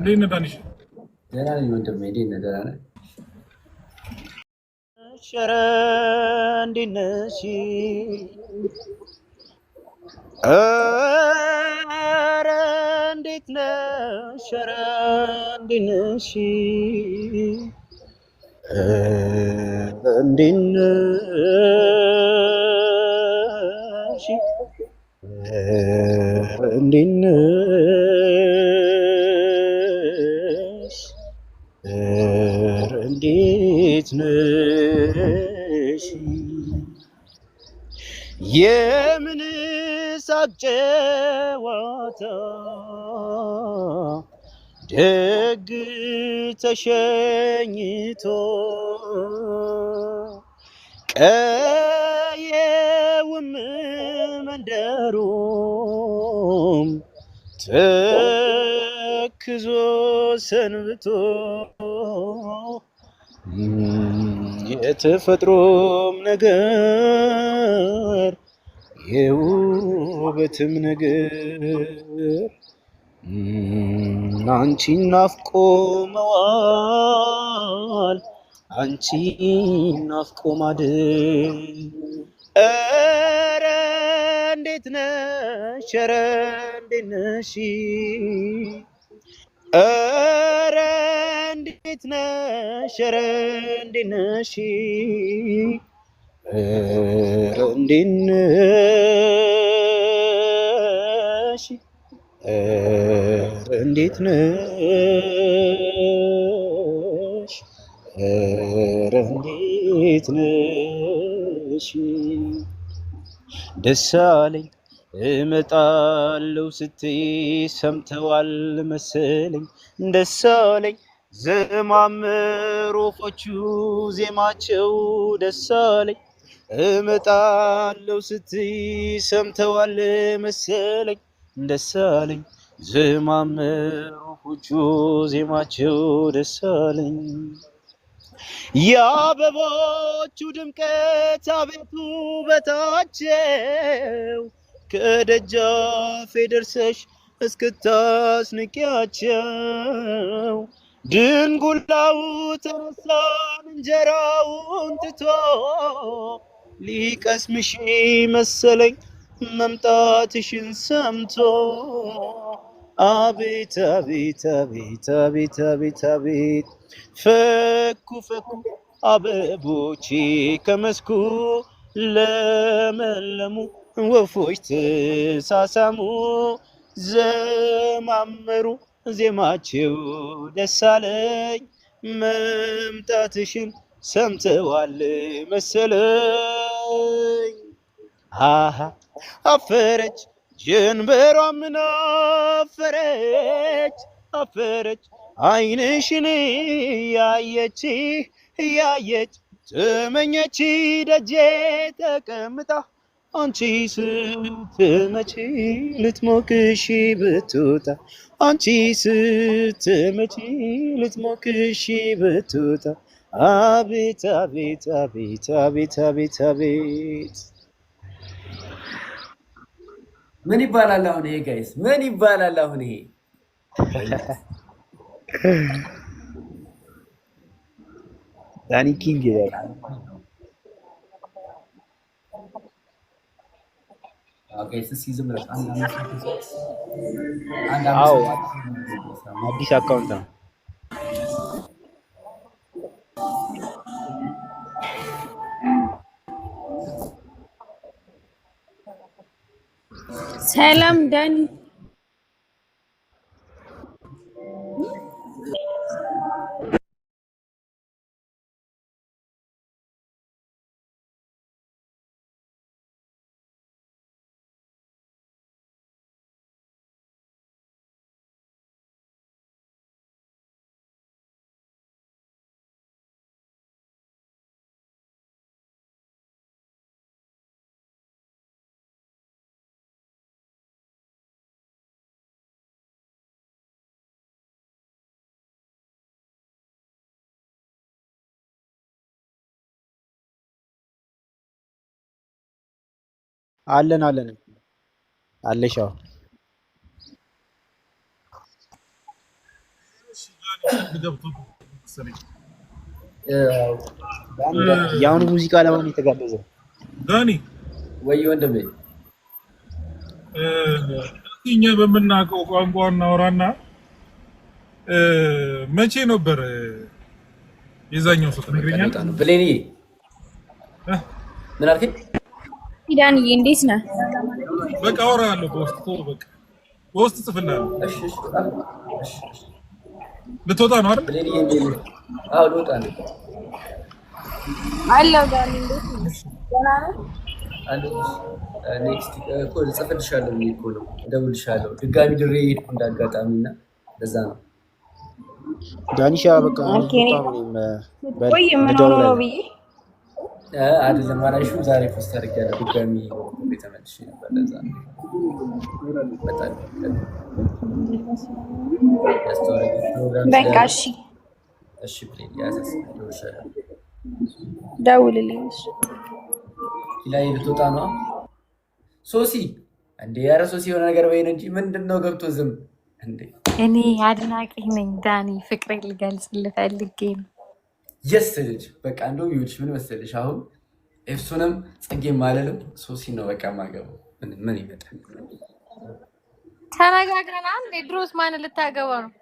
እንዴት ነህ ዳንሽ? ደህና ነኝ ወንድሜ። እንዴት ነህ? ደህና ነህ? ኧረ እንዴት ነሽ? ኧረ እንዴት ነሽ? ኧረ እንዴት ነሽ? እንዴት ነሽ? የምን ሳቅ ደግ ተሸኝቶ ቀየውም መንደሩም ተክዞ ሰንብቶ የተፈጥሮም ነገር የውበትም ነገር አንቺን ናፍቆ መዋል አንቺን ናፍቆ ማደር ኧረ እንዴት ነሽ ኧረ እንዴት ነሽ ኧረ እንዴት ነሽ? ኧረ እንዴት ነሽ? ኧረ እንዴት ነሽ? ኧረ እንዴት ነሽ? ኧረ እንዴት ነሽ? ደስ አለኝ እመጣለሁ ስትይ ሰምተዋል መሰለኝ ደስ አለኝ ዘማምር ወፎቹ ዜማቸው ደስ አለኝ። እመጣለሁ ስትይ ሰምተዋል መሰለኝ ደስ አለኝ ዘማምር ወፎቹ ዜማቸው ደስ አለኝ። የአበቦቹ ድምቀት አቤቱ በታቸው። ከደጃፌ ደርሰሽ እስክታስንቂያቸው ድንጉላው ተነሳን እንጀራውን ትቶ ሊቀስምሽ መሰለኝ መምጣትሽን ሰምቶ አቤት አቤት አቤት አቤት አቤት አቤት ፈኩ ፈኩ አበቦቼ ከመስኩ ለመለሙ ወፎች ትሳሳሙ ዘማመሩ ዜማቸው ደሳለኝ መምጣትሽን ሰምተዋል መሰለኝ። አፈረች ጀንበሯ ምን አፈረች አፈረች አይንሽን ያየች ያየች ተመኘች ደጄ ተቀምጣ አንቺ ስትመጪ ልትሞቅሽ ብትወጣ አንቺ ስትመጪ ልትሞቅሽ ብትወጣ አቤት አቤት አቤት አቤት አቤት አቤት ምን ይባላል አሁን ይሄ ጋይስ? ምን ይባላል አሁን ይሄ? ዳኒ ኪንግ ይላል። አዲስ አካውንት ነው። ሰላም ዳኒ አለን አለን አለሻው የአሁኑ ሙዚቃ ለማን የተጋበዘው? ዳኒ ወይ ወንድሜ፣ እኛ በምናውቀው ቋንቋ እናውራና መቼ ነበር የዛኛው ሰው ትነግረኛለህ? ብሌኒ ምን አልከኝ? ዳንዬ እንዴት ነህ? በቃ አወራለሁ በውስጥ በቃ በውስጥ ጽፍልሃለሁ። ልትወጣ ነው አይደል? ነው። እንዴት ኔክስት ጽፍልሻለሁ እኮ ነው እደውልልሻለሁ። ድጋሚ ድሬ ሄድኩ እንዳጋጣሚ እና ለዛ ነው ዳንሻ በቃ ቆይ ምን ሆኖ ነው ብዬሽ አይደለም አላሹ ዛሬ ፖስት አድርጌያለሁ። ድጋሚ ቤተመልሽ ነበር። ለዛ ደውልልኝ ላይ ልትወጣ ነው ሶሲ? እንዴ ያረ ሶሲ የሆነ ነገር በይን እንጂ ምንድን ነው ገብቶ ዝም? እንዴ እኔ አድናቂ ነኝ ዳኒ፣ ፍቅሬን ልገልጽልህ ፈልጌ ነው የስ ልጅ በቃ እንደውም ይኸውልሽ ምን መሰለሽ አሁን ኤፍሱንም ጽጌ ማለልም ሶሲ ነው በቃ ማገባው ምን ይመጣል ተነጋግረና እንዴ ድሮስ ማን ልታገባ ነው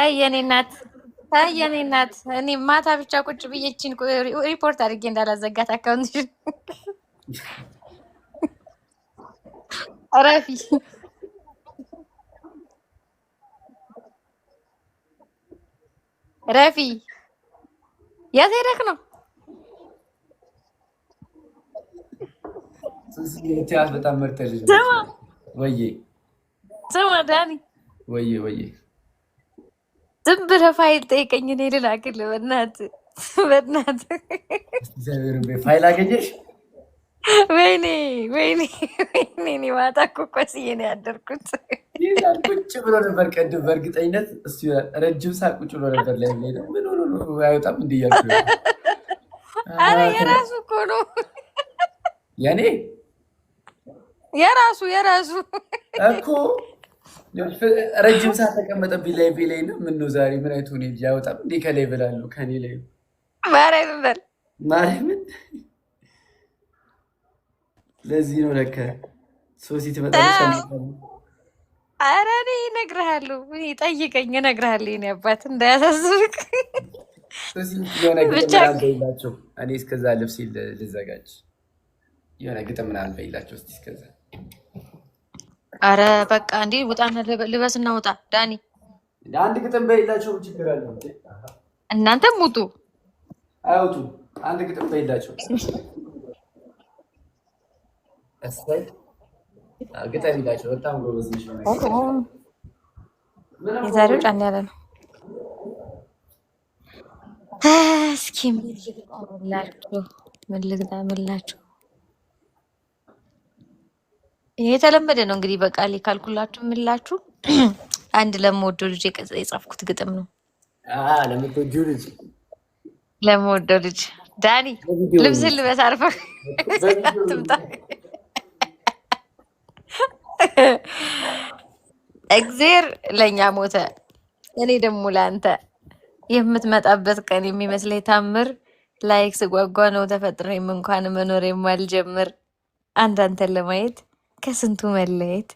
አይ የኔ እናት የኔ እናት እኔ ማታ ብቻ ቁጭ ብዬችን ሪፖርት አድርጌ እንዳላዘጋት አካውንት ረፊ ረፊ የት ሄደክ ነው? በጣም መርጠልጅ ስማ ዳኒ ወዬ ወዬ ዝም ብለህ ፋይል ጠይቀኝ እኔ ልላክልህ። በእናትህ በእናትህ ፋይል አገኘሽ? ወይኔ ወይኔ ወይኔ! እኔ ማታ እኮ ቆስዬ ነው ያደርኩት። ቁጭ ብሎ ነበር ቅድም፣ በእርግጠኝነት እሱ ረጅም ሰዓት ቁጭ ብሎ ነበር። ላይ ምን ሆኖ ነው አይወጣም? እንዲ እያልኩ አረ የራሱ እኮ ነው ያኔ የራሱ የራሱ እኮ ረጅም ሰዓት ተቀመጠብኝ ላይ ነው። ምን ነው ዛሬ ምን አይቶ ነው ጅ እንዴ ከላይ ብላሉ ከኔ ላይ ማርያምን በል ማርያምን። ለዚህ ነው ለከ ሶሲ ትመጣለች። አረ እኔ እነግርሃለሁ፣ ጠይቀኝ እነግርሃለሁ። ይኔ አባት እንዳያሳስብክ ብቻ አልበይላቸው። እኔ እስከዛ ልብስ ልዘጋጅ የሆነ ግጥም አልበይላቸው እስኪ እስከዛ አረ በቃ እንዴ ውጣና ልበስ እና ውጣ። ዳኒ አንድ ግጥም በይላቸው ችግር አለ። እናንተም ውጡ። አይወጡ አንድ ግጥም በይላቸው። እሰይ ግጥም ይላቸው። በጣም ጎበዝ ነሽ። የዛሬው ጫና ያለ ነው። እስኪ ምን ልግጣ ምላችሁ? ምን ልግጣ ምላችሁ? ይሄ የተለመደ ነው እንግዲህ በቃሌ ካልኩላችሁ የምላችሁ አንድ ለምወደው ልጅ የጻፍኩት ግጥም ነው። ለምወደው ልጅ ለምወደው ልጅ ዳኒ ልብስ ልበስ አርፈ ትምጣ። እግዜር ለእኛ ሞተ፣ እኔ ደግሞ ለአንተ የምትመጣበት ቀን የሚመስለኝ ታምር ላይክ ስጓጓ ነው ተፈጥሬም እንኳን መኖር የማልጀምር አንዳንተን ለማየት ከስንቱ መለየት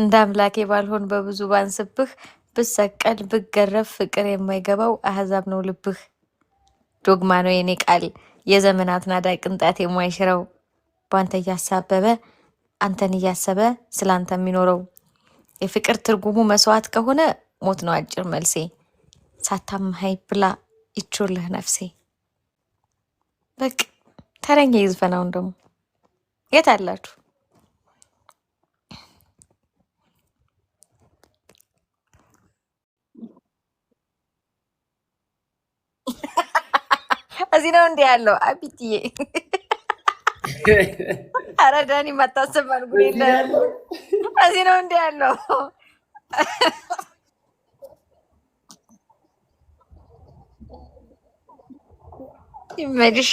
እንደ አምላኬ ባልሆን በብዙ ባንስብህ ብሰቀል ብገረፍ ፍቅር የማይገባው አህዛብ ነው ልብህ። ዶግማ ነው የኔ ቃል የዘመናት ናዳ ቅንጣት የማይሽረው በአንተ እያሳበበ አንተን እያሰበ ስላንተ የሚኖረው የፍቅር ትርጉሙ መስዋዕት ከሆነ ሞት ነው አጭር መልሴ። ሳታምሀይ ብላ ይችልህ ነፍሴ። በቅ ተረኛ ይዝፈናውን ደግሞ የት አላችሁ? እዚህ ነው እንዲ ያለው አቢትዬ። ኧረ ዳኒ ማታሰባል ጉ እዚህ ነው እንዲ ያለው ይመድሽ